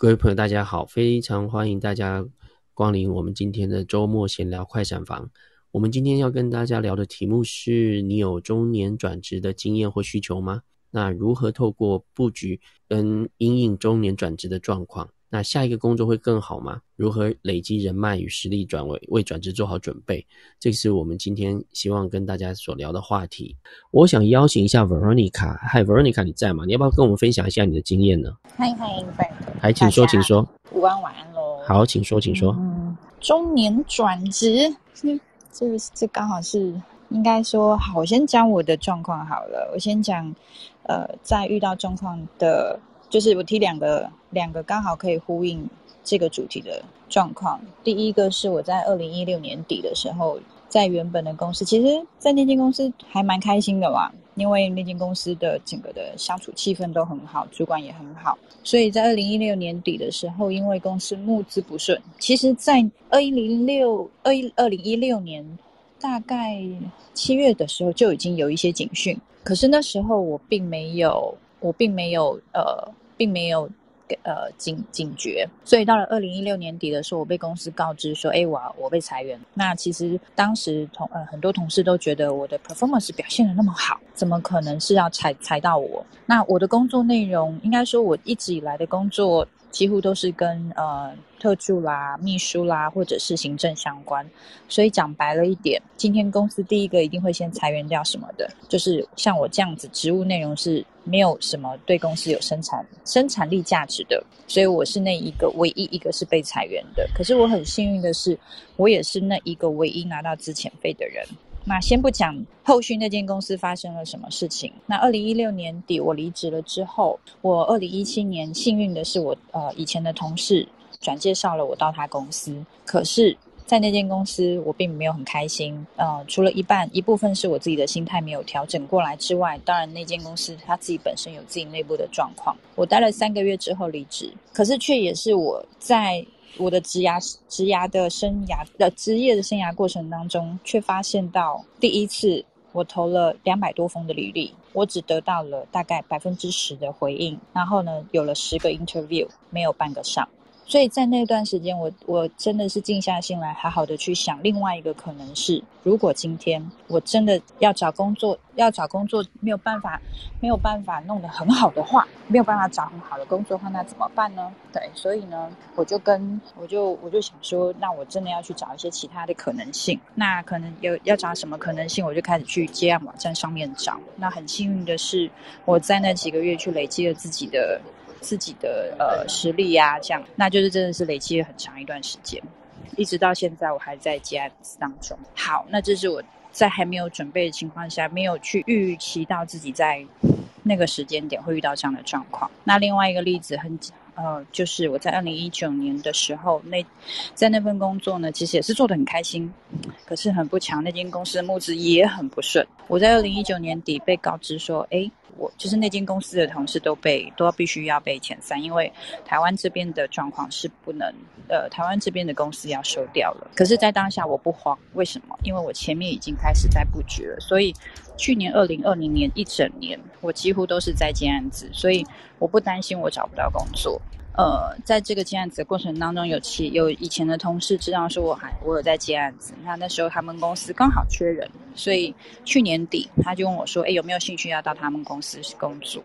各位朋友，大家好！非常歡迎大家光臨我們今天的周末閒聊快閃房。我們今天要跟大家聊的題目是：你有中年轉職的經驗或需求嗎？那如何透過布局跟因應中年轉職的狀況？那下一個工作會更好嗎？如何累積人脈與實力轉，轉為為轉職做好準備？這是我們今天希望跟大家所聊的話題。我想邀請一下 Veronica，嗨，Veronica 你在嗎？你要不要跟我們分享一下你的經驗呢？嗨嗨，嗨嗨還請說，大家請說。午安晚安咯，好，請說，請說。嗯，中年轉職，這這這剛好是應該說，好，我先講我的狀況好了。我先講，呃，在遇到狀況的。就是我提兩個兩個剛好可以呼應這個主題的狀況。第一個是我在二零一六年底的時候，在原本的公司，其實，在那間公司還蠻開心的嘛，因為那間公司的整個的相處氣氛都很好，主管也很好。所以在二零一六年底的時候，因為公司募資不順，其實，在二零一六，二零一六年大概七月的時候就已經有一些警訊，可是那時候我並沒有，我並沒有呃。並沒有，呃，警警覺，所以到了二零一六年底的時候，我被公司告知說，哎、欸，我、啊、我被裁員。那其實當時同呃很多同事都覺得我的 performance 表現得那麼好，怎麼可能是要裁裁到我？那我的工作內容，應該說我一直以來的工作。幾乎都是跟呃特助啦、秘書啦，或者是行政相關。所以講白了一點，今天公司第一個一定會先裁員掉什麼的，就是像我這樣子，職務內容是沒有什麼對公司有生產生產力價值的。所以我是那一個唯一一個是被裁員的。可是我很幸運的是，我也是那一個唯一拿到資遣費的人。那先不講後續那間公司發生了什麼事情。那二零一六年底我離職了之後，我二零一七年幸運的是我，我呃以前的同事轉介紹了我到他公司。可是，在那間公司我並沒有很開心。呃，除了一半一部分是我自己的心態沒有調整過來之外，當然那間公司它自己本身有自己內部的狀況。我待了三個月之後離職，可是卻也是我在。我的職涯、職涯的生涯，呃，職業的生涯過程當中，卻發現到第一次我投了兩百多封的履歷，我只得到了大概百分之十的回應，然後呢，有了十個 interview，沒有半個上。所以在那段時間我，我我真的是靜下心來，好好的去想另外一個可能是：如果今天我真的要找工作，要找工作沒有辦法，沒有辦法弄得很好的話，沒有辦法找很好的工作的話，那怎麼辦呢？對，所以呢，我就跟我就我就想說，那我真的要去找一些其他的可能性。那可能有要找什麼可能性，我就開始去接案網站上面找。那很幸運的是，我在那幾個月去累積了自己的。自己的呃實力呀、啊，這樣，那就是真的是累積了很長一段時間，一直到現在我還在接案子當中。好，那這是我在還沒有準備的情況下，沒有去預期到自己在那個時間點會遇到這樣的狀況。那另外一個例子很，很呃，就是我在二零一九年的時候，那在那份工作呢，其實也是做得很開心，可是很不巧，那間公司的募資也很不順。我在二零一九年底被告知說，哎。我就是那間公司的同事都被都必須要被遣散，因為台灣這邊的狀況是不能，呃，台灣這邊的公司要收掉了。可是，在當下我不慌，為什麼？因為我前面已經開始在布局了。所以，去年二零二零年一整年，我幾乎都是在接案子，所以我不擔心我找不到工作。呃，在這個接案子的過程當中，有其有以前的同事知道說我還我有在接案子，那那時候他們公司剛好缺人，所以去年底，他就問我說：“哎、欸，有沒有興趣要到他們公司去工作？”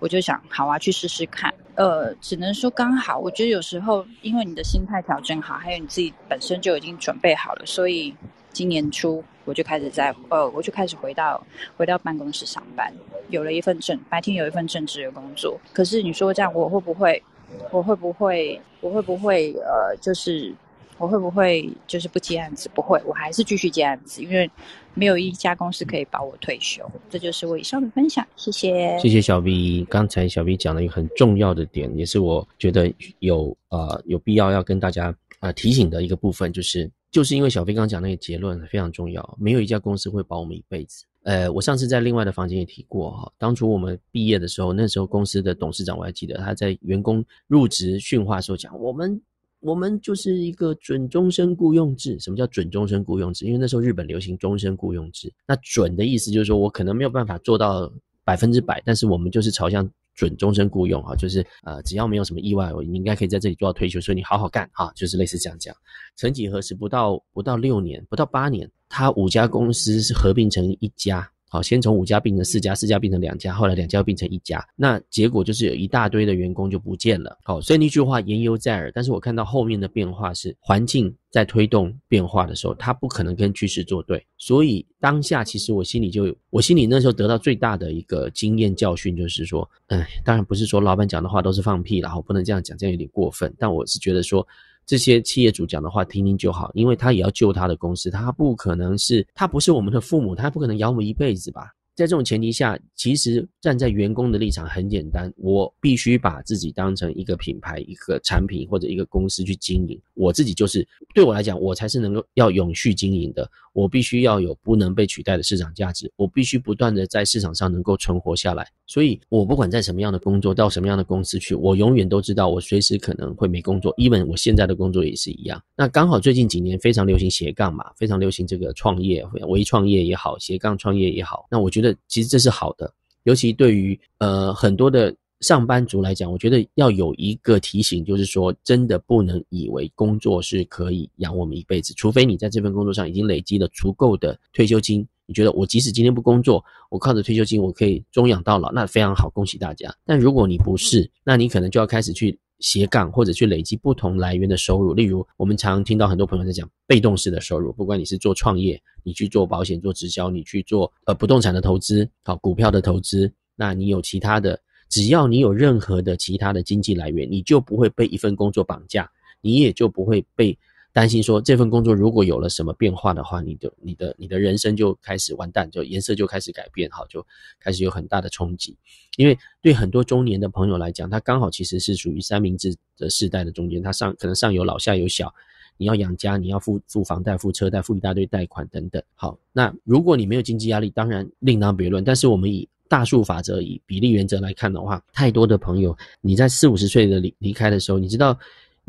我就想，好啊，去試試看。呃，只能說剛好。我覺得有時候，因為你的心態調整好，還有你自己本身就已經準備好了，所以今年初我就開始在呃，我就開始回到回到辦公室上班，有了一份正白天有一份正職的工作。可是你說這樣，我會不會？我會不會？我會不會？呃，就是。我會不會就是不接案子？不會，我還是繼續接案子，因為沒有一家公司可以保我退休。這就是我以上的分享，謝謝。謝謝小 V，剛才小 V 講了一個很重要的點，也是我覺得有呃有必要要跟大家啊、呃、提醒的一個部分，就是就是因為小 V 剛剛講那個結論非常重要，沒有一家公司會保我們一輩子。呃，我上次在另外的房間也提過哈，當初我們畢業的時候，那時候公司的董事長我還記得他在員工入職訓話時候講我們。我們就是一個準終身雇傭制。什麼叫準終身雇傭制？因為那時候日本流行終身雇傭制，那“準”的意思就是說我可能沒有辦法做到百分之百，但是我們就是朝向準終身雇傭啊，就是呃，只要沒有什麼意外，我應該可以在這裡做到退休。所以你好好幹啊，就是類似這樣講。曾幾何時，不到不到六年，不到八年，他五家公司是合併成一家。好，先從五家變成四家，四家變成兩家，後來兩家又變成一家，那結果就是有一大堆的員工就不見了。好，所以那句話言猶在耳，但是我看到後面的變化是，環境在推動變化的時候，它不可能跟趨勢作對。所以當下其實我心裡就有，我心裡那時候得到最大的一個經驗教訓就是說，哎，當然不是說老闆講的話都是放屁然後不能這樣講，這樣有點過分。但我是覺得說。這些企業主講的話聽聽就好，因為他也要救他的公司，他不可能是，他不是我們的父母，他不可能養我們一輩子吧。在這種前提下，其實站在員工的立場很簡單，我必須把自己當成一個品牌、一個產品或者一個公司去經營。我自己就是對我來講，我才是能夠要永續經營的。我必須要有不能被取代的市場價值，我必須不斷的在市場上能夠存活下來。所以我不管在什麼樣的工作，到什麼樣的公司去，我永遠都知道我隨時可能會沒工作。even 我現在的工作也是一樣。那剛好最近幾年非常流行斜槓嘛，非常流行這個創業、微創業也好，斜槓創業也好。那我覺得。其實這是好的，尤其對於呃很多的上班族來講，我覺得要有一個提醒，就是說真的不能以為工作是可以養我們一輩子，除非你在這份工作上已經累積了足夠的退休金。你覺得我即使今天不工作，我靠着退休金我可以終養到老，那非常好，恭喜大家。但如果你不是，那你可能就要開始去。斜槓或者去累積不同來源的收入，例如我們常聽到很多朋友在講被動式的收入，不管你是做創業，你去做保險、做直銷，你去做呃不動產的投資，好股票的投資，那你有其他的，只要你有任何的其他的經濟來源，你就不會被一份工作綁架，你也就不會被。擔心說，這份工作如果有了什麼變化的話，你的你的你的人生就開始完蛋，就顏色就開始改變，好，就開始有很大的衝擊。因為對很多中年的朋友來講，他剛好其實是屬於三明治的世代的中間，他上可能上有老下有小，你要養家，你要付付房貸、付車貸、付一大堆貸款等等。好，那如果你沒有經濟壓力，當然另當別論。但是我們以大數法則以比例原則來看的話，太多的朋友，你在四五十歲的離離開的時候，你知道。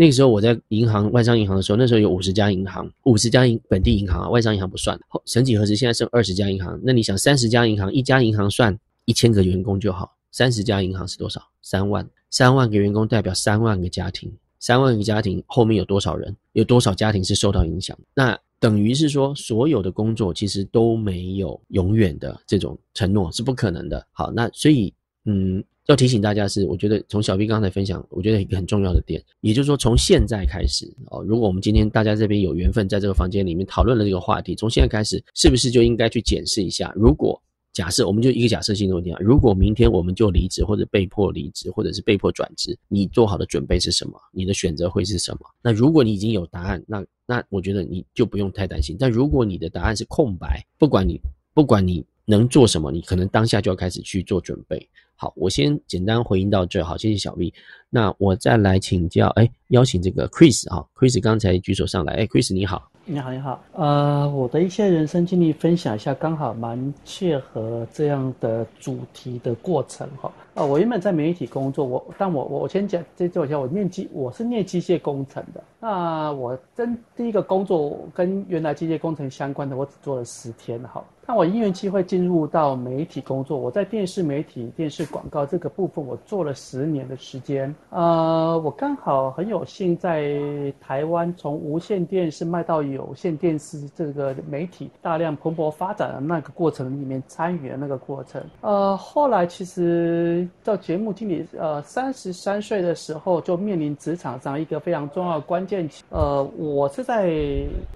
那個時候我在銀行外商銀行的時候，那時候有五十家銀行，五十家銀本地銀行啊，外商銀行不算。曾幾何時，現在剩二十家銀行。那你想，三十家銀行，一家銀行算一千個員工就好，三十家銀行是多少？三萬，三萬個員工代表三萬個家庭，三萬個家庭後面有多少人？有多少家庭是受到影響？那等於是說，所有的工作其實都沒有永遠的這種承諾是不可能的。好，那所以嗯。要提醒大家是，我覺得從小 B 剛才分享，我覺得一個很重要的點，也就是說，從現在開始哦，如果我們今天大家這邊有緣分在這個房間裡面討論了這個話題，從現在開始，是不是就應該去檢視一下？如果假設我們就一個假設性的問題啊，如果明天我們就離職或者被迫離職，或者是被迫轉職，你做好的準備是什麼？你的選擇會是什麼？那如果你已經有答案，那那我覺得你就不用太擔心。但如果你的答案是空白，不管你不管你能做什麼，你可能當下就要開始去做準備。好，我先簡單回應到這。好，謝謝小 V。那我再來請教，哎，邀請這個 Chris 啊，Chris 剛才舉手上來，哎，Chris 你好，你好你好。呃，我的一些人生經歷分享一下，剛好蠻切合這樣的主題的過程哈。啊、哦呃，我原本在媒體工作，我但我我先講先介紹一下，我念機我是念機械工程的。那、呃、我真第一個工作跟原來機械工程相關的，我只做了十天哈。哦那我因緣際會進入到媒體工作，我在電視媒體、電視廣告這個部分，我做了十年的時間。呃，我剛好很有幸在台灣從無線電視賣到有線電視這個媒體大量蓬勃發展的那個過程裡面參與了那個過程。呃，後來其實到節目經理，呃，三十三歲的時候就面臨職場上一個非常重要的關鍵期。呃，我是在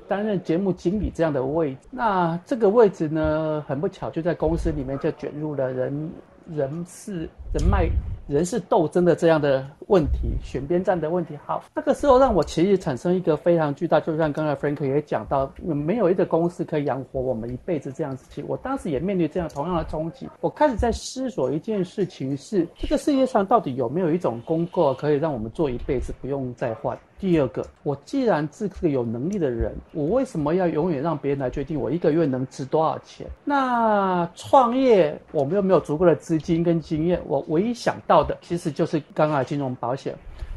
擔任節目經理這樣的位置，那這個位置呢？呃，很不巧，就在公司裡面就捲入了人人事人脈人事鬥爭的這樣的問題，選邊站的問題。好，那個時候讓我其實產生一個非常巨大，就像剛才 Frank 也講到，沒有一個公司可以養活我們一輩子這樣子。其實我當時也面臨這樣同樣的衝擊，我開始在思索一件事情是：是這個世界上到底有沒有一種工作可以讓我們做一輩子，不用再換？第二個，我既然是這個有能力的人，我為什麼要永遠讓別人來決定我一個月能值多少錢？那創業我們又沒有足夠的資金跟經驗，我唯一想到的其實就是剛剛的金融保險。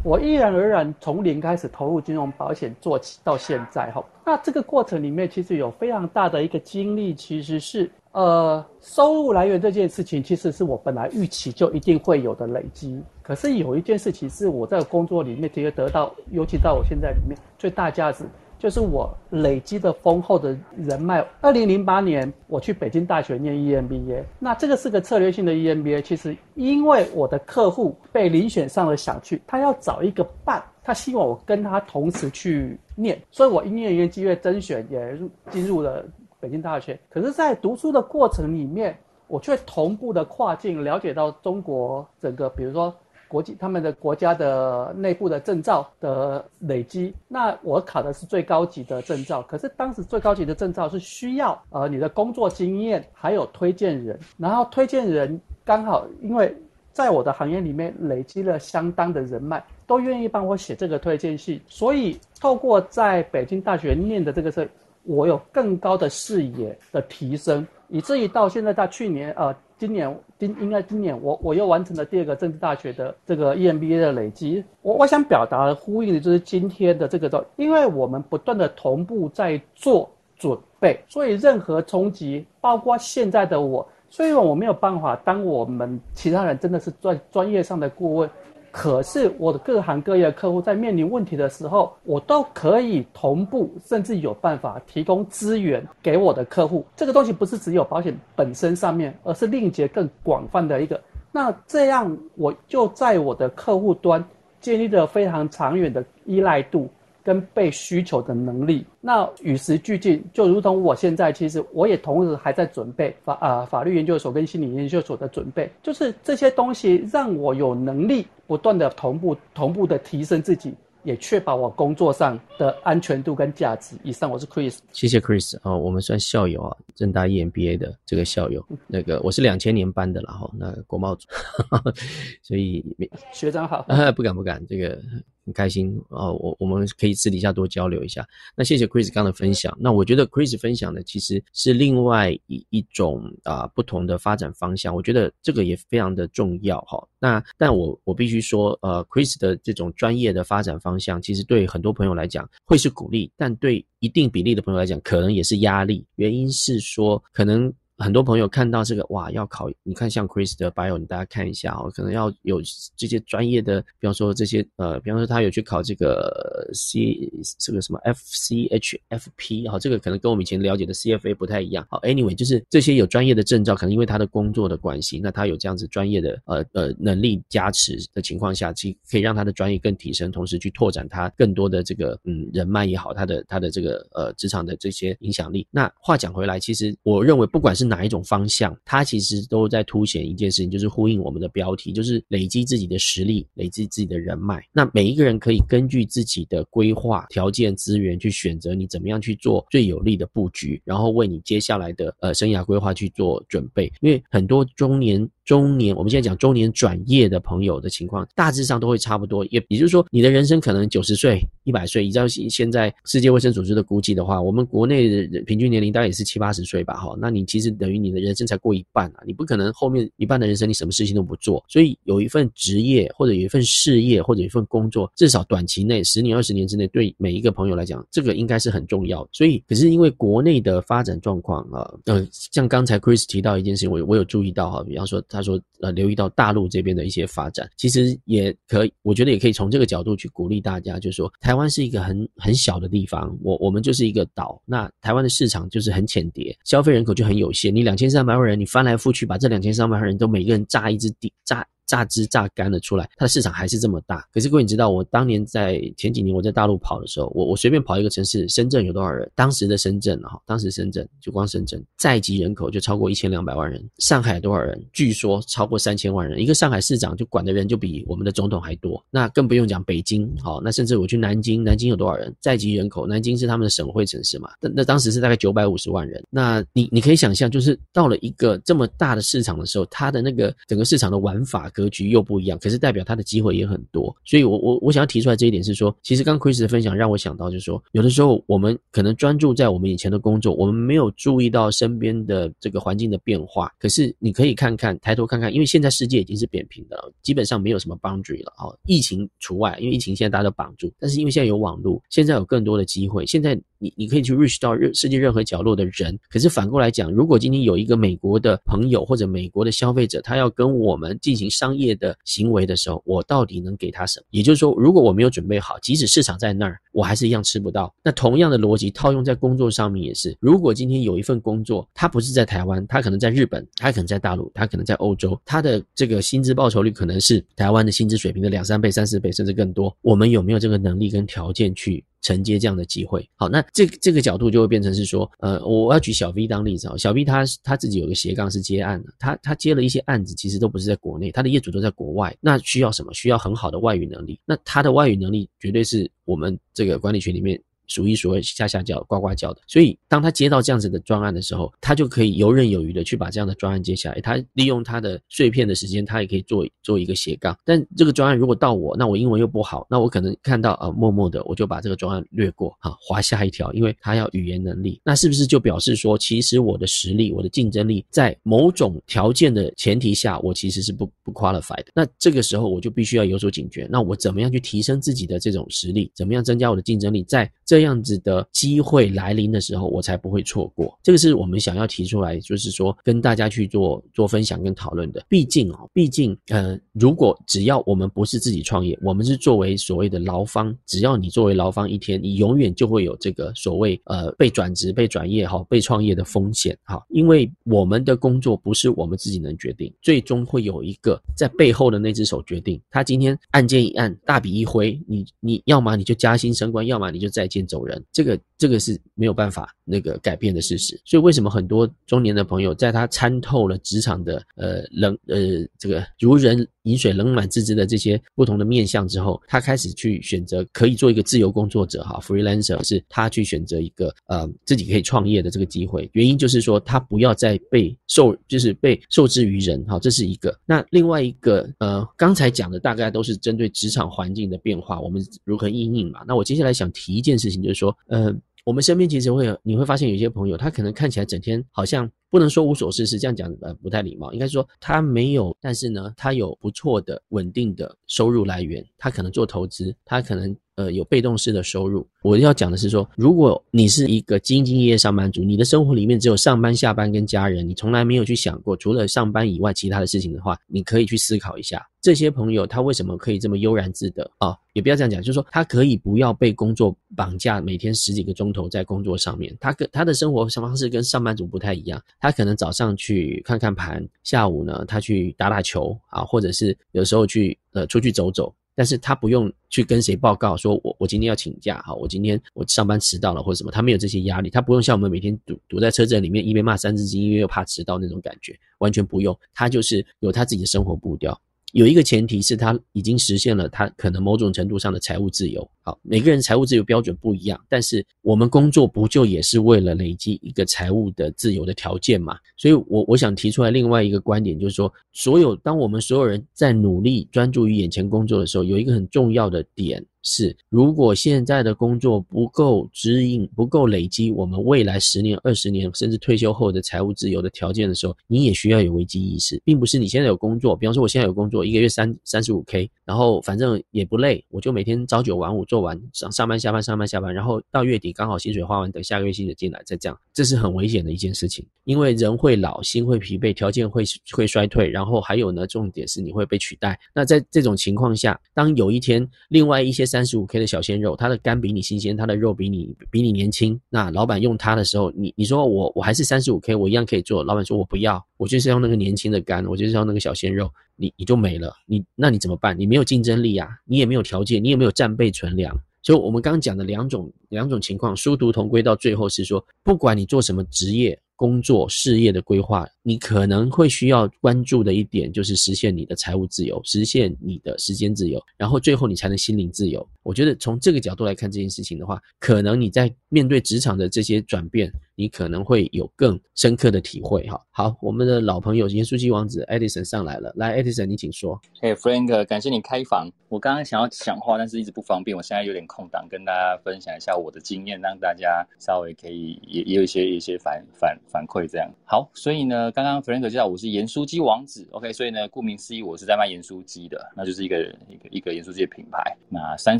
我毅然而然從零開始投入金融保險做起，到現在哈，那這個過程裡面其實有非常大的一個經歷，其實是。呃，收入來源這件事情，其實是我本來預期就一定會有的累積。可是有一件事情是我在工作裡面直接得到，尤其到我現在裡面最大價值，就是我累積的豐厚的人脈。二零零八年我去北京大學念 EMBA，那這個是個策略性的 EMBA，其實因為我的客戶被遴選上了想去，他要找一個伴，他希望我跟他同時去念，所以我因為人員資源甄選也進入了。北京大學，可是，在讀書的過程裡面，我卻同步的跨境了解到中國整個，比如說國際他們的國家的內部的證照的累積。那我考的是最高級的證照，可是當時最高級的證照是需要呃你的工作經驗，還有推薦人。然後推薦人剛好因為在我的行業裡面累積了相當的人脈，都願意幫我寫這個推薦信。所以透過在北京大學念的這個事。我有更高的視野的提升，以至於到現在，到去年啊、呃，今年今應該今年我，我我又完成了第二個政治大學的這個 EMBA 的累積。我我想表達的，呼應的就是今天的這個，狀，因為我們不斷的同步在做準備，所以任何衝擊，包括現在的我，所以我沒有辦法，當我們其他人真的是專專業上的顧問。可是我的各行各業的客戶在面臨問題的時候，我都可以同步，甚至有辦法提供資源給我的客戶。這個東西不是只有保險本身上面，而是連結更廣泛的一個。那這樣我就在我的客戶端建立了非常長遠的依賴度。跟被需求的能力，那與時俱進，就如同我現在，其實我也同時還在準備法啊、呃、法律研究所跟心理研究所的準備，就是這些東西讓我有能力不斷的同步同步的提升自己，也確保我工作上的安全度跟價值。以上我是 Chris，謝謝 Chris 啊、哦，我們算校友啊，政大 EMBA 的這個校友， 那個我是兩千年班的啦，然後那個、國貿組， 所以學長好、啊，不敢不敢這個。很開心啊、哦，我我們可以私底下多交流一下。那謝謝 Chris 剛的分享。那我覺得 Chris 分享的其實是另外一一種啊、呃、不同的發展方向。我覺得這個也非常的重要哈、哦。那但我我必須說，呃，Chris 的這種專業的發展方向，其實對很多朋友來講會是鼓勵，但對一定比例的朋友來講，可能也是壓力。原因是說，可能。很多朋友看到這個哇，要考你看像 Chris 的 Bio，你大家看一下哦，可能要有這些專業的，比方說這些呃，比方說他有去考這個 C 這個什麼 FCHFP 哈，這個可能跟我們以前了解的 CFA 不太一樣。好，Anyway，就是這些有專業的證照，可能因為他的工作的關係，那他有這樣子專業的呃呃能力加持的情況下，其可以讓他的專業更提升，同時去拓展他更多的這個嗯人脈也好，他的他的這個呃職場的這些影響力。那話講回來，其實我認為不管是哪一種方向，它其實都在凸顯一件事情，就是呼應我們的標題，就是累積自己的實力，累積自己的人脈。那每一個人可以根據自己的規劃、條件、資源去選擇你怎麼樣去做最有利的佈局，然後為你接下來的呃生涯規劃去做準備。因為很多中年。中年，我們現在講中年轉業的朋友的情況，大致上都會差不多，也也就是說，你的人生可能九十歲、一百歲。依照現在世界衛生組織的估計的話，我們國內的平均年齡大概也是七八十歲吧，哈。那你其實等於你的人生才過一半啊，你不可能後面一半的人生你什麼事情都不做。所以有一份職業或者有一份事業或者有一份工作，至少短期內十年、二十年之內，對每一個朋友來講，這個應該是很重要。所以，可是因為國內的發展狀況啊、呃，呃，像剛才 Chris 提到一件事情，我我有注意到哈，比方說。他說，呃，留意到大陸這邊的一些發展，其實也可以，我覺得也可以從這個角度去鼓勵大家，就是說，台灣是一個很很小的地方，我我們就是一個島，那台灣的市場就是很淺碟，消費人口就很有限，你兩千三百萬人，你翻來覆去把這兩千三百萬人都每個人榨一隻地榨。榨汁榨乾了出來，它的市場還是這麼大。可是各位你知道，我當年在前幾年我在大陸跑的時候，我我隨便跑一個城市，深圳有多少人？當時的深圳啊，當時深圳就光深圳在籍人口就超過一千兩百萬人。上海有多少人？據說超過三千萬人。一個上海市長就管的人就比我們的總統還多。那更不用講北京，好，那甚至我去南京，南京有多少人在籍人口？南京是他們的省會城市嘛，那那當時是大概九百五十萬人。那你你可以想象，就是到了一個這麼大的市場的時候，它的那個整個市場的玩法。格局又不一樣，可是代表他的機會也很多。所以我，我我我想要提出來這一點是說，其實剛 Chris 的分享讓我想到，就是說，有的時候我們可能專注在我們眼前的工作，我們沒有注意到身邊的這個環境的變化。可是你可以看看，抬頭看看，因為現在世界已經是扁平的了，基本上沒有什麼 boundary 了哦、啊，疫情除外，因為疫情現在大家都綁住。但是因為現在有網絡，現在有更多的機會。現在。你你可以去 reach 到任世界任何角落的人，可是反過來講，如果今天有一個美國的朋友或者美國的消費者，他要跟我們進行商業的行為的時候，我到底能給他什麼？也就是說，如果我沒有準備好，即使市場在那兒，我還是一樣吃不到。那同樣的邏輯套用在工作上面也是，如果今天有一份工作，他不是在台灣，他可能在日本，他可能在大陸，他可能在歐洲，他的這個薪資報酬率可能是台灣的薪資水平的兩三倍、三四倍，甚至更多。我們有沒有這個能力跟條件去？承接這樣的機會，好，那這個、這個角度就會變成是說，呃，我要舉小 V 當例子，小 V 他他自己有個斜槓是接案的，他他接了一些案子，其實都不是在國內，他的業主都在國外，那需要什麼？需要很好的外語能力，那他的外語能力絕對是我們這個管理群裡面。數一數二，下下叫呱呱叫的，所以當他接到這樣子的專案的時候，他就可以游刃有餘的去把這樣的專案接下來，欸。他利用他的碎片的時間，他也可以做做一個斜槓。但這個專案如果到我，那我英文又不好，那我可能看到啊、呃，默默的我就把這個專案略過，啊，劃下一條，因為他要語言能力。那是不是就表示說，其實我的實力，我的競爭力，在某種條件的前提下，我其實是不不 qualify 的。那這個時候我就必須要有所警覺。那我怎麼樣去提升自己的這種實力？怎麼樣增加我的競爭力？在、這個這樣子的機會來臨的時候，我才不會錯過。這個是我們想要提出來，就是說跟大家去做做分享跟討論的。畢竟哦，畢竟呃，如果只要我們不是自己創業，我們是作為所謂的勞方，只要你作為勞方一天，你永遠就會有這個所謂呃被轉職、被轉業、哈、被創業的風險哈。因為我們的工作不是我們自己能決定，最終會有一個在背後的那只手決定。他今天按鍵一按，大筆一揮，你你要麼你就加薪升官，要麼你就再見。走人，這個這個是沒有辦法那個改變的事實。所以為什麼很多中年的朋友在他參透了職場的呃冷呃這個如人飲水冷暖自知的這些不同的面向之後，他開始去選擇可以做一個自由工作者哈，freelancer 是他去選擇一個呃自己可以創業的這個機會。原因就是說他不要再被受，就是被受制於人哈，這是一個。那另外一個呃，剛才講的大概都是針對職場環境的變化，我們如何因應嘛。那我接下來想提一件事情，就是說呃，我們身邊其實會有你會發現有些朋友他可能看起來整天好像。不能說無所事事，這樣講呃不太禮貌。應該是說他沒有，但是呢，他有不錯的穩定的收入來源。他可能做投資，他可能呃有被動式的收入。我要講的是說，如果你是一個兢兢業業上班族，你的生活裡面只有上班、下班跟家人，你從來沒有去想過除了上班以外其他的事情的話，你可以去思考一下這些朋友他為什麼可以這麼悠然自得啊、哦。也不要這樣講，就是說他可以不要被工作綁架，每天十幾個鐘頭在工作上面，他跟他的生活方式跟上班族不太一樣。他可能早上去看看盤，下午呢，他去打打球啊，或者是有時候去呃出去走走，但是他不用去跟誰報告，說我我今天要請假哈、啊，我今天我上班遲到了或者什麼，他沒有這些壓力，他不用像我們每天堵堵在車陣裡面，一邊罵三字經，一邊又怕遲到那種感覺，完全不用，他就是有他自己的生活步調。有一個前提是他已經實現了他可能某種程度上的財務自由。好，每個人財務自由標準不一樣，但是我們工作不就也是為了累積一個財務的自由的條件嘛？所以，我我想提出來另外一個觀點，就是說，所有當我們所有人在努力專注於眼前工作的時候，有一個很重要的點。是，如果現在的工作不夠指引、不夠累積我們未來十年、二十年甚至退休後的財務自由的條件的時候，你也需要有危機意識，並不是你現在有工作，比方說我現在有工作，一個月三三十五 K，然後反正也不累，我就每天朝九晚五做完上上班下班上班下班，然後到月底剛好薪水花完，等下個月薪水進來再這樣，這是很危險的一件事情，因為人會老，心會疲憊，條件會會衰退，然後還有呢，重點是你會被取代。那在這種情況下，當有一天另外一些。三十五 K 的小鮮肉，他的肝比你新鮮，他的肉比你比你年輕。那老闆用他的時候，你你說我我還是三十五 K，我一樣可以做。老闆說我不要，我就是要那個年輕的肝，我就是要那個小鮮肉。你你就沒了，你那你怎麼辦？你沒有競爭力啊，你也沒有條件，你也沒有戰備存糧。所以我們剛剛講的兩種兩種情況，殊途同歸，到最後是說，不管你做什麼職業、工作、事業的規劃。你可能會需要關注的一點就是實現你的財務自由，實現你的時間自由，然後最後你才能心靈自由。我覺得從這個角度來看這件事情的話，可能你在面對職場的這些轉變，你可能會有更深刻的體會。哈，好，我們的老朋友鹽酥雞王子 Edison 上來了，來 Edison 你請說。哎，hey，Frank，感謝你開房。我剛剛想要講話，但是一直不方便。我現在有點空檔，跟大家分享一下我的經驗，讓大家稍微可以也也有一些一些反反反饋這樣。好，所以呢。剛剛弗 r 克 n 知道我是鹽酥雞王子，OK，所以呢，顧名思義，我是在賣鹽酥雞的，那就是一個一個一個鹽酥雞的品牌。那三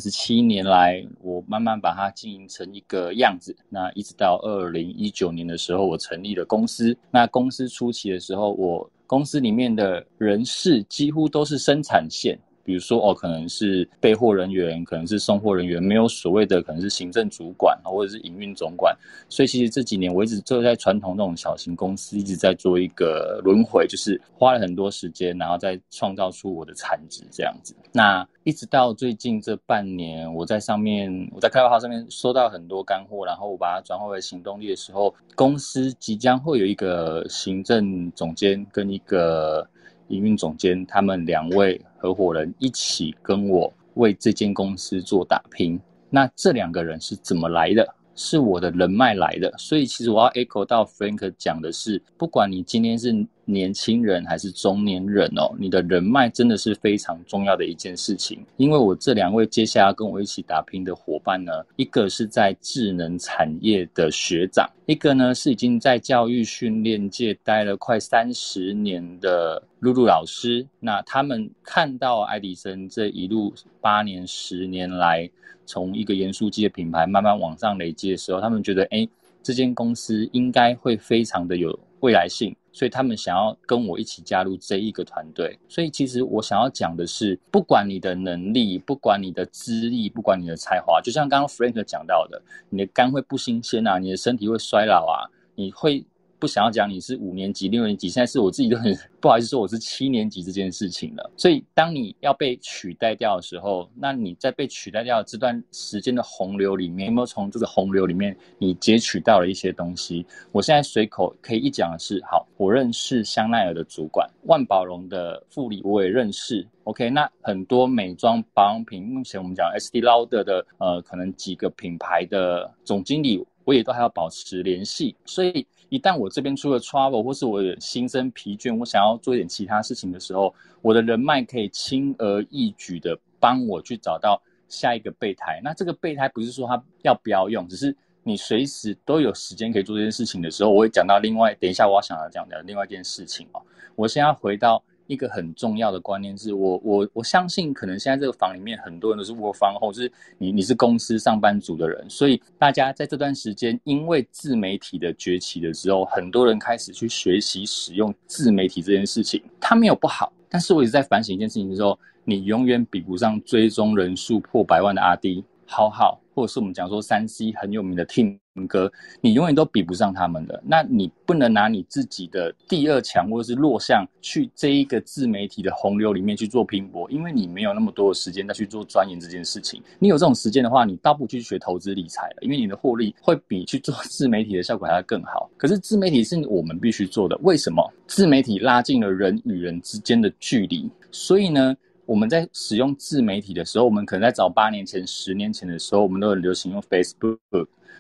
十七年來，我慢慢把它經營成一個樣子。那一直到二零一九年的時候，我成立了公司。那公司初期的時候，我公司裡面的人事幾乎都是生產線。比如說，哦，可能是備貨人員，可能是送貨人員，沒有所謂的可能是行政主管啊，或者是營運總管。所以，其實這幾年我一直就在傳統那種小型公司一直在做一個輪迴，就是花了很多時間，然後再創造出我的產值這樣子。那一直到最近這半年，我在上面，我在開發號上面收到很多乾貨，然後我把它轉化為行動力的時候，公司即將會有一個行政總監跟一個營運總監，他們兩位，合夥人一起跟我為這間公司做打拼，那這兩個人是怎麼來的？是我的人脈來的。所以其實我要 echo 到 Frank 講的是，不管你今天是。年輕人還是中年人哦，你的人脈真的是非常重要的一件事情。因為我這兩位接下來跟我一起打拼的伙伴呢，一個是在智能產業的學長，一個呢是已經在教育訓練界待了快三十年的露露老師。那他們看到愛迪生這一路八年十年來，從一個鹽酥雞的品牌慢慢往上累積的時候，他們覺得，哎，這間公司應該會非常的有。未來性，所以他們想要跟我一起加入這一個團隊。所以其實我想要講的是，不管你的能力，不管你的資歷，不管你的才華，就像剛剛 Frank 講到的，你的肝會不新鮮啊，你的身體會衰老啊，你會。不想要講你是五年級、六年級，現在是我自己都很不好意思說我是七年級這件事情了。所以，當你要被取代掉的時候，那你在被取代掉的這段時間的洪流裡面，有沒有從這個洪流裡面你截取到了一些東西？我現在隨口可以一講的是，好，我認識香奈兒的主管，萬寶龍的副理，我也認識。OK，那很多美妝保養品，目前我們講 SD Lauder 的呃，可能幾個品牌的總經理，我也都還要保持聯繫，所以。一旦我這邊出了 trouble 或是我心生疲倦，我想要做一點其他事情的時候，我的人脈可以輕而易舉的幫我去找到下一個備胎。那這個備胎不是說他要不要用，只是你隨時都有時間可以做這件事情的時候，我會講到另外。等一下我要想要講的另外一件事情哦。我現在回到。一個很重要的觀念是我我我相信，可能現在這個房裡面很多人都是窩房，或者是你你是公司上班族的人，所以大家在這段時間，因為自媒體的崛起的時候，很多人開始去學習使用自媒體這件事情，它沒有不好。但是我一直在反省一件事情的時候，你永遠比不上追蹤人數破百萬的阿滴，好好。或者是我們講說三 C 很有名的 Tim 哥，你永遠都比不上他們的。那你不能拿你自己的第二強或者是弱項去這一個自媒體的洪流裡面去做拼搏，因為你沒有那麼多的時間再去做鑽研這件事情。你有這種時間的話，你倒不去學投資理財了，因為你的獲利會比去做自媒體的效果還要更好。可是自媒體是我們必須做的，為什麼？自媒體拉近了人與人之間的距離，所以呢。我們在使用自媒體的時候，我們可能在早八年前、十年前的時候，我們都有流行用 Facebook。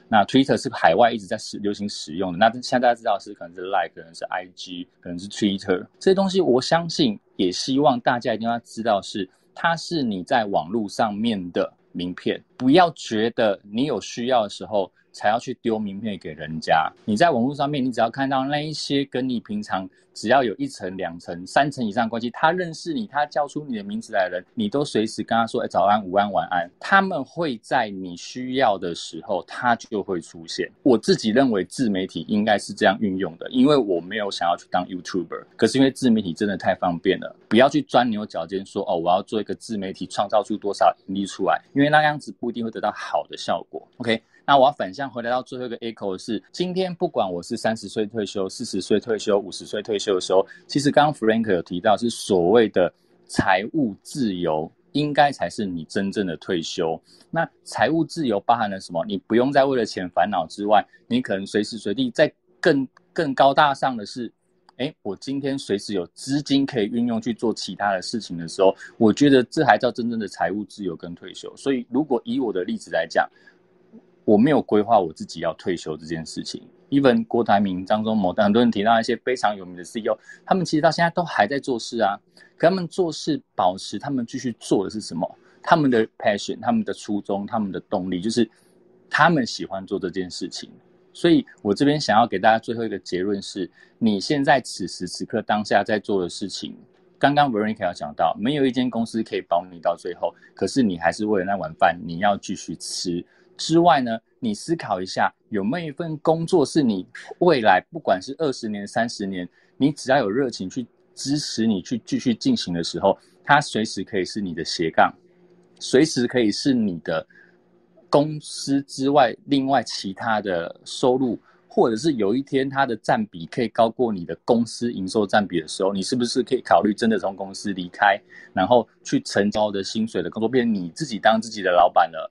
那 Twitter 是海外一直在使流行使用的。那現在大家知道是可能是 Like，可能是 IG，可能是 Twitter 這些東西，我相信也希望大家一定要知道是，是它是你在網絡上面的名片，不要覺得你有需要的時候。才要去丟名片給人家。你在網絡上面，你只要看到那一些跟你平常只要有一層、兩層、三層以上關係，他認識你，他叫出你的名字來的人，你都隨時跟他說：“欸，早安、午安、晚安。”他們會在你需要的時候，他就會出現。我自己認為自媒體應該是這樣運用的，因為我沒有想要去當 YouTuber，可是因為自媒體真的太方便了。不要去鑽牛角尖，說：“哦，我要做一個自媒體，創造出多少盈利出來？”因為那樣子不一定會得到好的效果。OK。那我要反向回來到最後一個 echo 是，今天不管我是三十歲退休、四十歲退休、五十歲退休的時候，其實剛 Frank 有提到是所謂的財務自由，應該才是你真正的退休。那財務自由包含了什麼？你不用再為了錢煩惱之外，你可能隨時隨地在更更高大上的是，哎，我今天隨時有資金可以運用去做其他的事情的時候，我覺得這還叫真正的財務自由跟退休。所以，如果以我的例子來講，我沒有規劃我自己要退休這件事情。Even 郭台銘張忠謀等很多人提到一些非常有名的 CEO，他們其實到現在都還在做事啊。可他們做事保持他們繼續做的是什麼？他們的 passion，他們的初衷，他們的動力，就是他們喜歡做這件事情。所以我這邊想要給大家最後一個結論是：你現在此時此刻當下在做的事情，剛剛 Veronica 要講到，沒有一間公司可以保你到最後，可是你還是為了那碗飯，你要繼續吃。之外呢，你思考一下，有沒有一份工作是你未來不管是二十年、三十年，你只要有熱情去支持你去繼續進行的時候，它隨時可以是你的斜槓，隨時可以是你的公司之外另外其他的收入，或者是有一天它的佔比可以高過你的公司營收佔比的時候，你是不是可以考慮真的從公司離開，然後去承包的薪水的工作，變成你自己當自己的老闆了？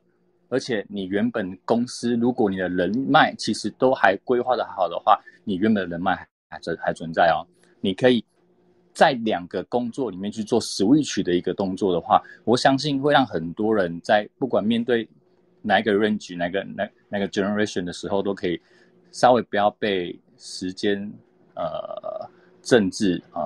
而且你原本公司，如果你的人脈其實都還規劃的還好的話，你原本的人脈還存還存在哦。你可以在兩個工作裡面去做 switch 的一個動作的話，我相信會讓很多人在不管面對哪一個 range 哪個、哪個那那個 generation 的時候，都可以稍微不要被時間、呃、政治、啊、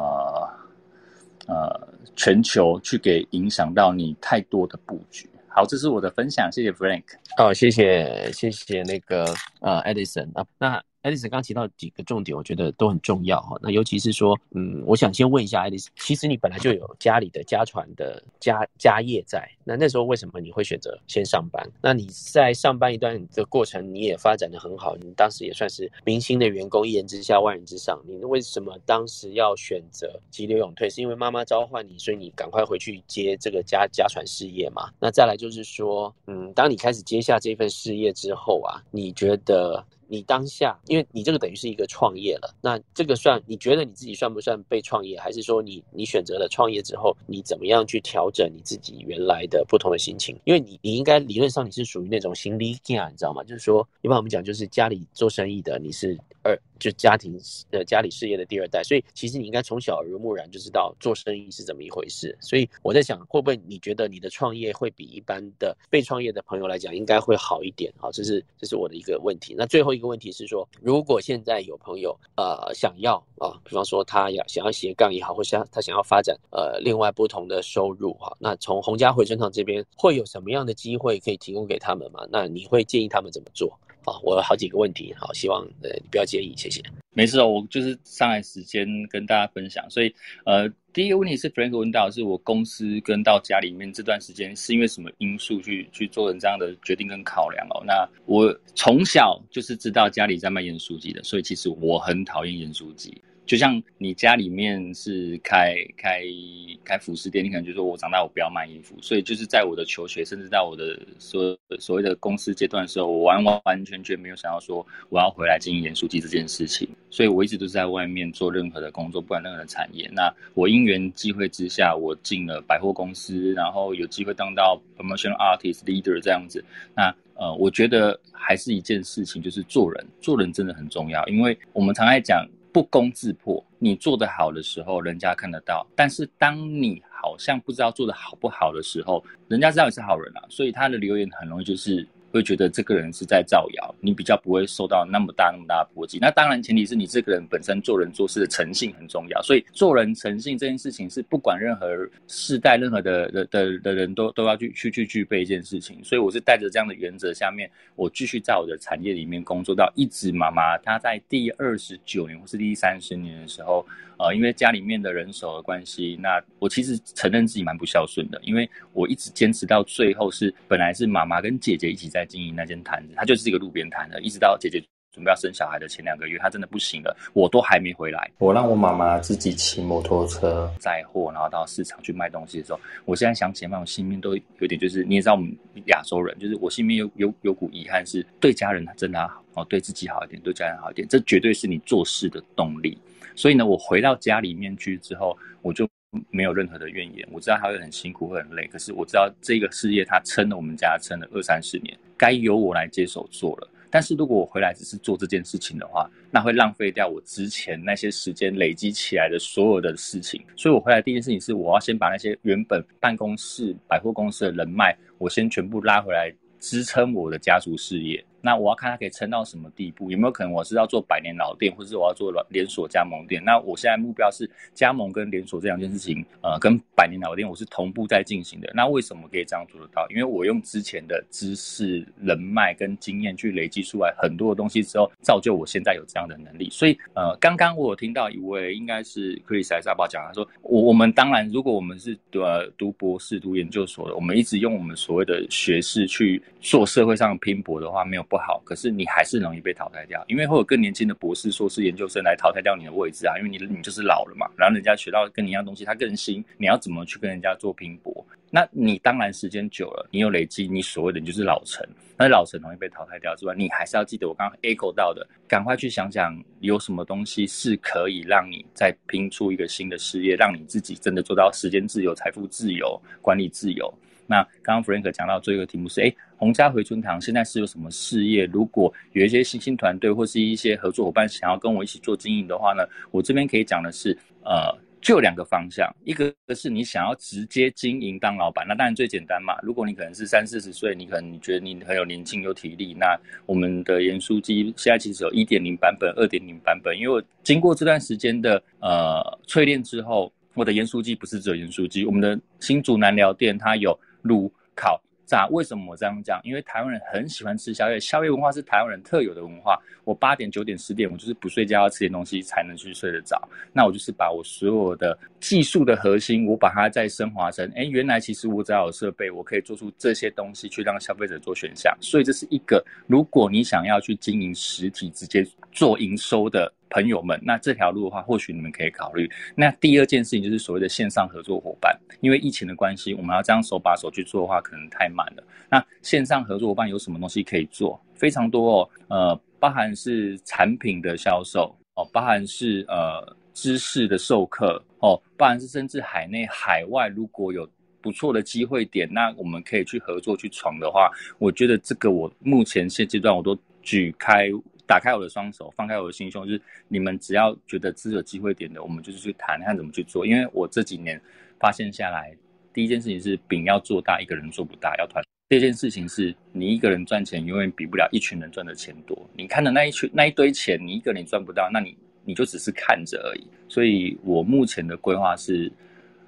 呃、呃、全球去給影響到你太多的布局。好，這是我的分享，謝謝 Frank。哦，謝謝，謝謝那個呃 Edison 啊，那。愛麗絲剛提到幾個重點，我覺得都很重要哈。那尤其是說，嗯，我想先問一下愛麗絲，Alice, 其實你本來就有家裡的家傳的家家業在。那那時候為什麼你會選擇先上班？那你在上班一段的過程，你也發展得很好，你當時也算是明星的員工，一人之下萬人之上。你為什麼當時要選擇急流勇退？是因為媽媽召喚你，所以你趕快回去接這個家家傳事業嘛？那再來就是說，嗯，當你開始接下這份事業之後啊，你覺得？你當下，因為你這個等於是一個創業了，那這個算你覺得你自己算不算被創業？還是說你你選擇了創業之後，你怎麼樣去調整你自己原來的不同的心情？因為你你應該理論上你是屬於那種心理。家，你知道嗎？就是說一般我們講就是家裡做生意的，你是。二就家庭呃家裡事業的第二代，所以其實你應該從小耳濡目染就知道做生意是怎麼一回事。所以我在想，會不會你覺得你的創業會比一般的被創業的朋友來講應該會好一點？好、哦，這是這是我的一個問題。那最後一個問題是說，如果現在有朋友呃想要啊、哦，比方說他要想要斜槓也好，或想他想要發展呃另外不同的收入啊、哦，那從洪家回春堂這邊會有什麼樣的機會可以提供給他們嗎？那你會建議他們怎麼做？啊，我有好幾個問題，好，希望呃你不要介意，謝謝。沒事哦，我就是上來時間跟大家分享，所以呃第一個問題是 Frank 問到，是我公司跟到家裡面這段時間是因為什麼因素去去做成這樣的決定跟考量哦？那我從小就是知道家裡在賣鹽酥雞的，所以其實我很討厭鹽酥雞。就像你家裡面是開開開服飾店，你可能就說我長大我不要賣衣服。所以就是在我的求學，甚至到我的所所謂的公司階段的時候，我完完完全全沒有想到說我要回來經營鹽酥雞這件事情。所以我一直都是在外面做任何的工作，不管任何的產業。那我因緣際會之下，我進了百貨公司，然後有機會當到 promotion artist leader 這樣子。那呃，我覺得還是一件事情，就是做人，做人真的很重要，因為我們常愛講。不攻自破。你做得好的時候，人家看得到；但是當你好像不知道做得好不好的時候，人家知道你是好人啊，所以他的留言很容易就是。會覺得這個人是在造謠，你比較不會受到那麼大、那麼大的波及。那當然，前提是你這個人本身做人做事的誠信很重要。所以，做人誠信這件事情是不管任何世代、任何的的的的人都都要去去去具備一件事情。所以，我是帶着這樣的原則下面，我繼續在我的產業裡面工作到一直媽媽，她在第二十九年或是第三十年的時候。呃，因為家裡面的人手的關係，那我其實承認自己蠻不孝順的，因為我一直堅持到最後是，本來是媽媽跟姐姐一起在經營那間攤子，她就是一個路邊攤的，一直到姐姐準備要生小孩的前兩個月，她真的不行了，我都還沒回來。我讓我媽媽自己騎摩托車載貨，然後到市場去賣東西的時候，我現在想起來，我心裡面都有點就是，你也知道我們亞洲人，就是我心裡面有有有股遺憾，是對家人真的好，哦，對自己好一點，對家人好一點，這絕對是你做事的動力。所以呢，我回到家裡面去之後，我就沒有任何的怨言。我知道他會很辛苦，會很累，可是我知道這個事業他撐了我們家撐了二三十年，該由我來接手做了。但是如果我回來只是做這件事情的話，那會浪費掉我之前那些時間累積起來的所有的事情。所以我回來第一件事情是，我要先把那些原本辦公室、百貨公司的人脈，我先全部拉回來，支撐我的家族事業。那我要看他可以撐到什麼地步，有沒有可能我是要做百年老店，或是我要做連鎖加盟店？那我現在目標是加盟跟連鎖這兩件事情，呃，跟百年老店我是同步在進行的。那為什麼可以這樣做得到？因為我用之前的知識、人脈跟經驗去累積出來很多的東西之後，造就我現在有這樣的能力。所以，呃，剛剛我有聽到一位應該是 Chris 還是阿寶講，他說：我我們當然，如果我們是呃讀博士、讀研究所的，我們一直用我們所謂的學士去做社會上的拼搏的話，沒有。好，可是你還是容易被淘汰掉，因為會有更年輕的博士、碩士、研究生來淘汰掉你的位置啊。因為你，你就是老了嘛，然後人家學到跟你一樣東西，他更新，你要怎麼去跟人家做拼搏？那你當然時間久了，你有累積，你所謂的你就是老成。那老成容易被淘汰掉之外，你還是要記得我剛剛 echo 到的，趕快去想想有什麼東西是可以讓你再拼出一個新的事業，讓你自己真的做到時間自由、財富自由、管理自由。那剛剛 Frank 講到這個題目是，哎，洪家回春堂現在是有什麼事業？如果有一些新興團隊或是一些合作夥伴想要跟我一起做經營的話呢，我這邊可以講的是，呃，就兩個方向，一個是你想要直接經營當老板，那當然最簡單嘛。如果你可能是三四十歲，你可能你覺得你很有年輕有體力，那我們的鹽酥雞現在其實有1.0版本、2.0版本，因為經過這段時間的呃淬炼之後，我的鹽酥雞不是只有鹽酥雞，我們的新竹南寮店它有。滷烤炸，為什麼我這樣講？因為台灣人很喜歡吃宵夜，宵夜文化是台灣人特有的文化。我八點、九點、十點，我就是不睡覺要吃點東西才能去睡得着。那我就是把我所有的技術的核心，我把它再升華成，哎、欸，原來其實我只要有設備，我可以做出這些東西去讓消費者做選項。所以這是一個，如果你想要去經營實體，直接做營收的。朋友們，那這條路的話，或許你們可以考慮。那第二件事情就是所謂的線上合作夥伴，因為疫情的關係，我們要這樣手把手去做的話，可能太慢了。那線上合作伙伴有什麼東西可以做？非常多哦，呃，包含是產品的銷售哦，包含是呃知識的授課哦，包含是甚至海內海外，如果有不錯的機會點，那我們可以去合作去闖的話，我覺得這個我目前現階段我都舉開。打開我的雙手，放開我的心胸，就是你們只要覺得自己有機會點的，我們就是去談，看怎麼去做。因為我這幾年發現下來，第一件事情是餅要做大，一個人做不大，要團。第二件事情是你一個人賺錢永遠比不了一群人賺的錢多。你看的那一群那一堆錢，你一個人賺不到，那你你就只是看着而已。所以我目前的規劃是，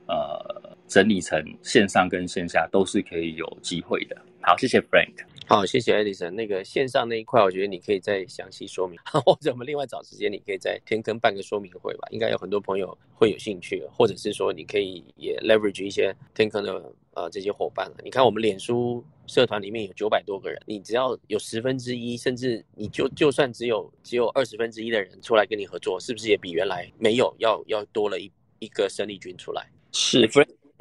呃，整理成線上跟線下都是可以有機會的。好，謝謝 Frank。好，謝謝 Edison。那個線上那一塊，我覺得你可以再詳細說明，或者我們另外找時間，你可以在天坑辦個說明會吧。應該有很多朋友會有興趣，或者是說你可以也 leverage 一些天坑的呃這些伙伴。你看我們臉書社團裡面有九百多個人，你只要有十分之一，10, 甚至你就就算只有只有二十分之一的人出來跟你合作，是不是也比原來沒有要要多了一一個生力軍出來？是。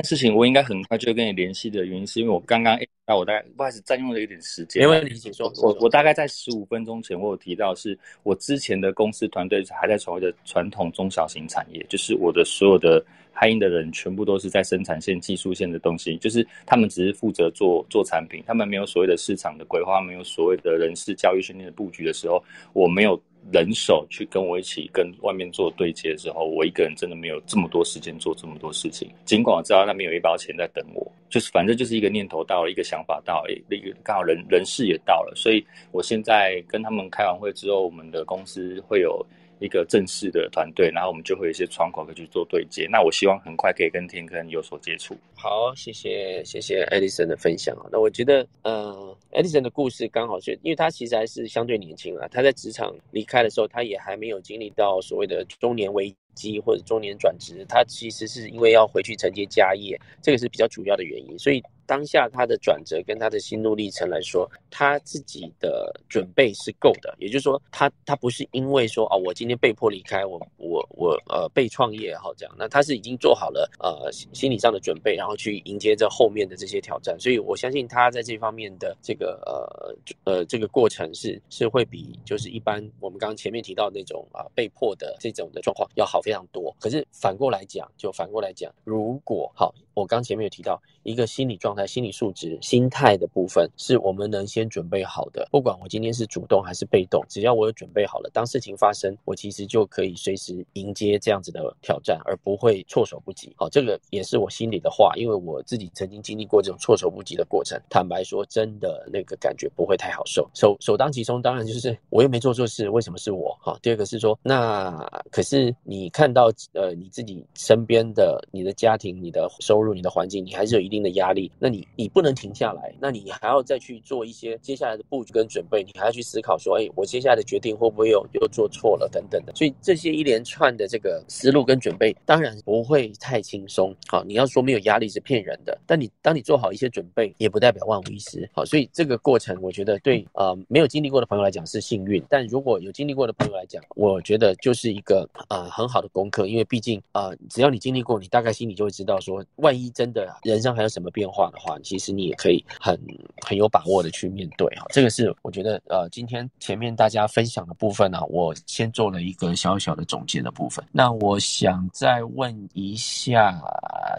事情我應該很快就跟你聯繫的原因，是因為我剛剛，那我大概不好意思占用了一點時間。沒問題，你說。我我大概在十五分鐘前，我有提到是我之前的公司團隊還在所謂的傳統中小型產業，就是我的所有的 high end 的人全部都是在生產線、技術線的東西，就是他們只是負責做做產品，他們沒有所謂的市場的規劃，沒有所謂的人事、教育訓練的布局的時候，我沒有人手去跟我一起跟外面做對接的時候，我一個人真的沒有這麼多時間做這麼多事情。儘管我知道那邊有一包錢在等我，就是反正就是一個念頭到了，一個想法到了，一個剛好人人事也到了，所以我現在跟他們開完會之後，我們的公司會有。一個正式的團隊，然後我們就會有一些窗口可以去做對接。那我希望很快可以跟天坑有所接觸。好，謝謝謝謝 Edison 的分享。那我覺得，呃，Edison 的故事剛好是，因為他其實還是相對年輕啊。他在職場離開的時候，他也還沒有經歷到所謂的中年危機。或者中年轉職，他其實是因為要回去承接家業，這個是比較主要的原因。所以當下他的轉折跟他的心路歷程來說，他自己的準備是夠的。也就是說他，他他不是因為說啊、哦，我今天被迫離開，我我我呃，被創業好這樣。那他是已經做好了呃心理上的準備，然後去迎接這後面的這些挑戰。所以我相信他在這方面的這個呃呃這個過程是是會比就是一般我們剛剛前面提到那種啊、呃、被迫的這種的狀況要好。非常多，可是反過來講，就反過來講，如果，好。我剛前面有提到一個心理狀態、心理素質、心態的部分，是我們能先準備好的。不管我今天是主動還是被動，只要我有準備好了，當事情發生，我其實就可以隨時迎接這樣子的挑戰，而不會措手不及。好、哦，這個也是我心裡的話，因為我自己曾經經歷過這種措手不及的過程。坦白說，真的那個感覺不會太好受。首首當其衝，當然就是我又沒做錯事，為什麼是我？好、哦，第二個是說，那可是你看到呃你自己身邊的、你的家庭、你的收入。你的環境，你還是有一定的壓力。那你你不能停下來，那你還要再去做一些接下來的布局跟準備，你還要去思考說，哎，我接下來的決定會不會又又做錯了等等的。所以這些一連串的這個思路跟準備，當然不會太輕鬆。好、啊，你要說沒有壓力是騙人的，但你當你做好一些準備，也不代表萬無一失。好、啊，所以這個過程，我覺得對呃沒有經歷過的朋友來講是幸運，但如果有經歷過的朋友來講，我覺得就是一個呃很好的功課，因為畢竟呃只要你經歷過，你大概心裡就會知道說，萬一。一真的人生還有什麼變化的話，其實你也可以很很有把握的去面對哈。這個是我覺得呃，今天前面大家分享的部分呢、啊，我先做了一個小小的總結的部分。那我想再問一下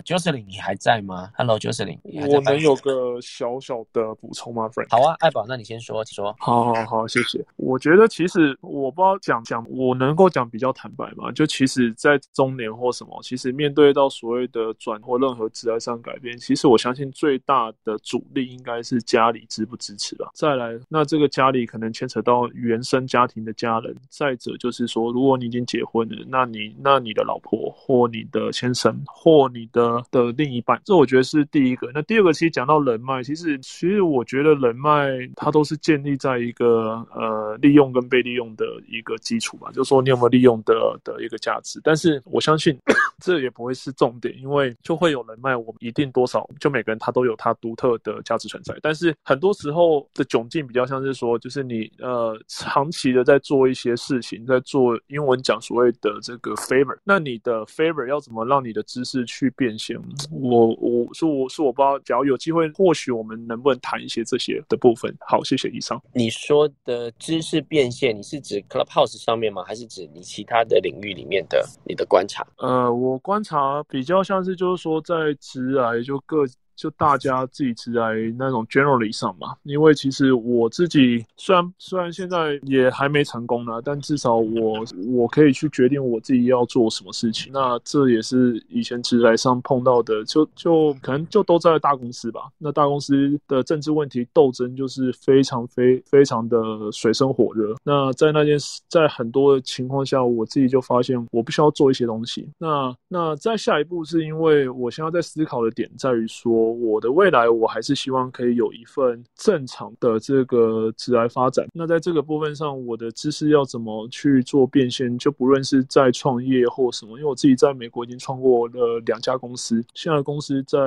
，Jocelyn，你還在嗎？Hello，Jocelyn，我能有個小小的補充嗎，Frank？好啊，愛寶，那你先說先說。好好好，謝謝。我覺得其實我不知道講講我能夠講比較坦白嗎？就其實，在中年或什麼，其實面對到所謂的轉或任何。姿態上改變，其實我相信最大的阻力應該是家裡支不支持吧。再來，那這個家裡可能牽扯到原生家庭的家人。再者就是說，如果你已經結婚了，那你，那你的老婆或你的先生或你的的另一半，這我覺得是第一個。那第二個其、其實講到人脈，其實其實我覺得人脈它都是建立在一個呃利用跟被利用的一個基礎吧，就是說你有沒有利用的的一個價值。但是我相信。 這也不會是重點，因為就會有人脈，我們一定多少，就每個人他都有他獨特的價值存在。但是很多時候的窘境比較像是說，就是你呃長期的在做一些事情，在做英文講所謂的這個 favor，那你的 favor 要怎麼讓你的知識去變現？我我是我是我不知道，只要有機會，或許我們能不能談一些這些的部分？好，謝謝以上。你說的知識變現，你是指 Clubhouse 上面嗎？還是指你其他的領域裡面的你的觀察？呃，我。我觀察比較像是，就是說在職涯就各。就大家自己直來那種 Generally 上嘛，因為其實我自己雖然雖然現在也還沒成功呢、啊，但至少我我可以去決定我自己要做什麼事情。那這也是以前直來上碰到的，就就可能就都在大公司吧。那大公司的政治問題鬥爭就是非常非非常的水深火熱。那在那件在很多的情況下，我自己就發現我不需要做一些東西。那那再下一步是因為我現在在思考的點在於說。我的未來，我還是希望可以有一份正常的這個職業發展。那在這個部分上，我的知識要怎麼去做變現？就不論是在創業或什麼，因為我自己在美國已經創過了兩家公司，現在公司在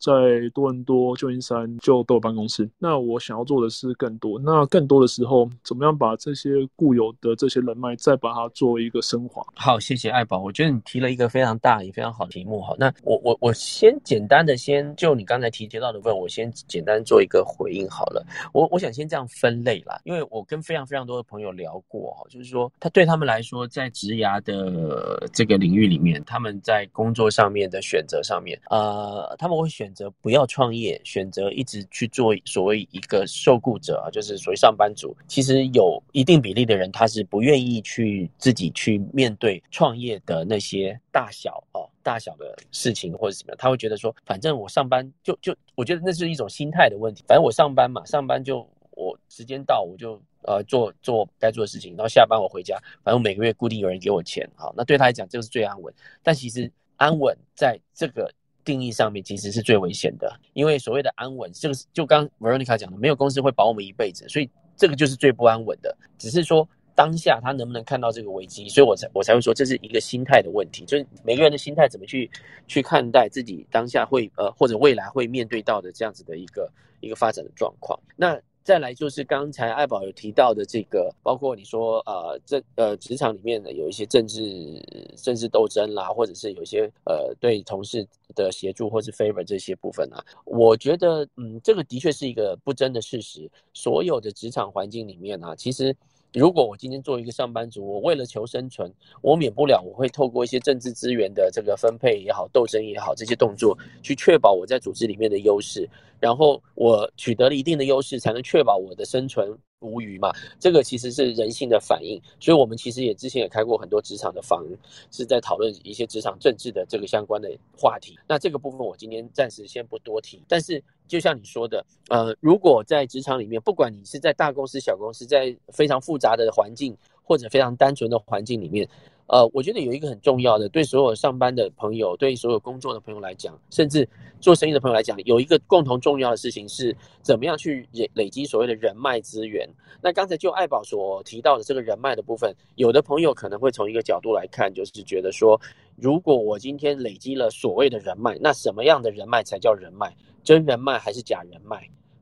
在多倫多、舊金山就都有辦公室。那我想要做的是更多。那更多的時候，怎麼樣把這些固有的這些人脈再把它做一個升華？好，謝謝愛寶。我覺得你提了一個非常大也非常好的題目。好，那我我我先簡單的先就你剛才提及到的問，我先簡單做一個回應好了。我我想先這樣分類啦，因為我跟非常非常多的朋友聊過，哈，就是說他對他們來說，在職涯的這個領域裡面，他們在工作上面的選擇上面，呃，他們會選擇不要創業，選擇一直去做所謂一個受僱者啊,就是所謂上班族。其實有一定比例的人，他是不願意去自己去面對創業的那些大小啊，大小的事情或者怎麼樣，他會覺得說，反正我上班就就，我覺得那是一種心態的問題。反正我上班嘛，上班就我時間到我就呃做做該做的事情，然後下班我回家，反正每個月固定有人給我錢，好，那對他來講這個是最安穩。但其實安穩在這個定義上面其實是最危險的，因為所謂的安穩，就是就剛 Veronica 講的，沒有公司會保我們一輩子，所以這個就是最不安穩的。只是說。當下他能不能看到這個危機？所以我才我才會說這是一個心態的問題，就是每個人的心態怎麼去去看待自己當下會呃或者未來會面對到的這樣子的一個一個發展的狀況。那再來就是剛才艾寶有提到的這個，包括你說呃這呃職場裡面的有一些政治政治鬥爭啦，或者是有些呃對同事的協助或是 favor 這些部分啊，我覺得嗯，這個的確是一個不爭的事實。所有的職場環境裡面啊，其實。如果我今天做一個上班族，我為了求生存，我免不了我會透過一些政治資源的這個分配也好、鬥爭也好，這些動作，去確保我在組織裡面的優勢，然後我取得了一定的優勢，才能確保我的生存。無語嘛，這個其實是人性的反應，所以我們其實也之前也開過很多職場的房，是在討論一些職場政治的這個相關的話題。那這個部分我今天暫時先不多提，但是就像你說的，呃，如果在職場裡面，不管你是在大公司、小公司，在非常複雜的環境或者非常單純的環境裡面。呃，我覺得有一個很重要的，對所有上班的朋友，對所有工作的朋友來講，甚至做生意的朋友來講，有一個共同重要的事情是怎麼樣去累積所謂的人脈資源。那剛才就愛寶所提到的這個人脈的部分，有的朋友可能會從一個角度來看，就是覺得說，如果我今天累積了所謂的人脈，那什麼樣的人脈才叫人脈？真人脈還是假人脈？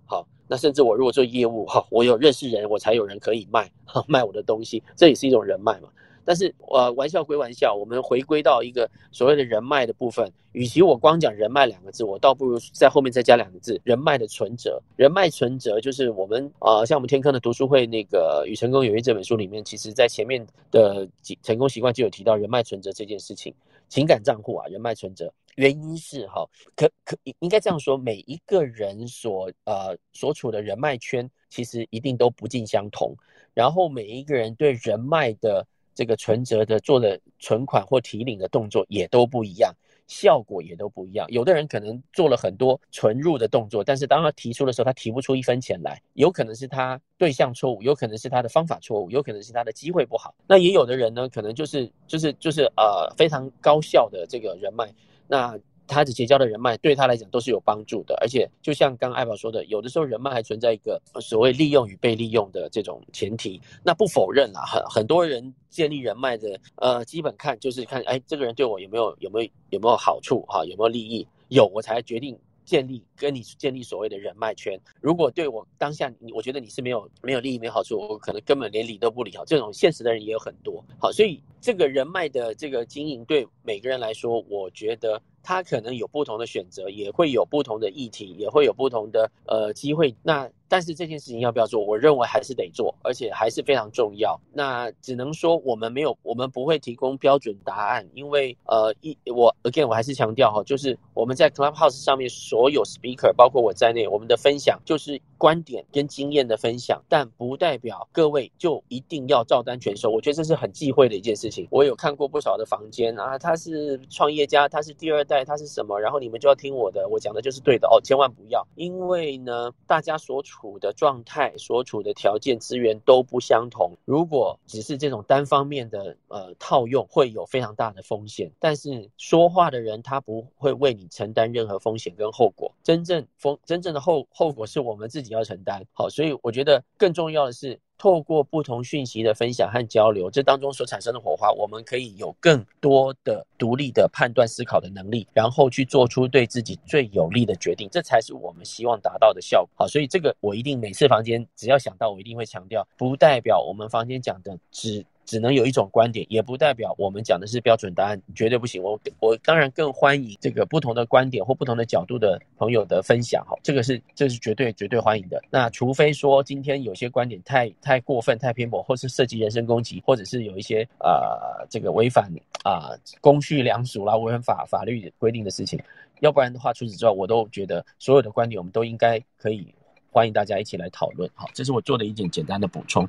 好，那甚至我如果做業務哈，我有認識人，我才有人可以賣，賣我的東西，這也是一種人脈嘛。但是，呃，玩笑歸玩笑，我們回歸到一個所謂的人脈的部分。與其我光講人脈兩個字，我倒不如在後面再加兩個字：人脈的存摺。人脈存摺就是我們，呃，像我們天坑的讀書會那個《與成功有約》這本書裡面，其實在前面的幾成功習慣就有提到人脈存摺這件事情。情感賬戶啊，人脈存摺。原因是哈，可可應應該這樣說：每一個人所呃所處的人脈圈，其實一定都不盡相同。然後每一個人對人脈的。這個存摺的做的存款或提領的動作也都不一樣，效果也都不一樣。有的人可能做了很多存入的動作，但是當他提出的時候，他提不出一分錢來。有可能是他對象錯誤，有可能是他的方法錯誤，有可能是他的機會不好。那也有的人呢，可能就是就是就是呃非常高效的這個人脈，那。他只結交的人脈對他來講都是有幫助的，而且就像剛剛艾寶說的，有的時候人脈還存在一個所謂利用與被利用的這種前提。那不否認啦，很很多人建立人脈的，呃，基本看就是看，哎，這個人對我有沒有有沒有有沒有好處哈，有沒有利益，有我才決定建立跟你建立所謂的人脈圈。如果對我當下，我覺得你是沒有沒有利益沒有好處，我可能根本連理都不理啊。這種現實的人也有很多。好，所以這個人脈的這個經營對每個人來說，我覺得。他可能有不同的選擇，也會有不同的議題，也會有不同的呃機會。那但是這件事情要不要做？我認為還是得做，而且還是非常重要。那只能說我們沒有，我們不會提供標準答案，因為呃一我 again 我還是強調哈，就是我們在 Clubhouse 上面所有 speaker，包括我在內，我們的分享就是。觀點跟經驗的分享，但不代表各位就一定要照單全收。我覺得這是很忌諱的一件事情。我有看過不少的房間啊，他是創業家，他是第二代，他是什麼，然後你們就要聽我的，我講的就是對的哦，千萬不要。因為呢，大家所處的狀態、所處的條件、資源都不相同。如果只是這種單方面的呃套用，會有非常大的風險。但是說話的人他不會為你承擔任何風險跟後果，真正風真正的後後果是我們自己。要承擔。好，所以我覺得更重要的是，透過不同訊息的分享和交流，這當中所產生的火花，我們可以有更多的獨立的判斷、思考的能力，然後去做出對自己最有利的決定，這才是我們希望達到的效果。好，所以這個我一定每次房間只要想到，我一定會強調，不代表我們房間講的只。只能有一種觀點，也不代表我們講的是標準答案，絕對不行。我我當然更歡迎這個不同的觀點或不同的角度的朋友的分享，哈，這個是這是絕對絕對歡迎的。那除非說今天有些觀點太太過分、太偏頗，或是涉及人身攻擊，或者是有一些啊、呃，這個違反啊、呃、公序良俗啦、違反法法律規定的事情，要不然的話，除此之外，我都覺得所有的觀點我們都應該可以歡迎大家一起來討論，好，這是我做的一點簡單的補充。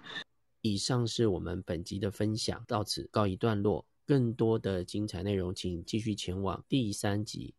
以上是我們本集的分享，到此告一段落。更多的精彩內容，請繼續前往第三集。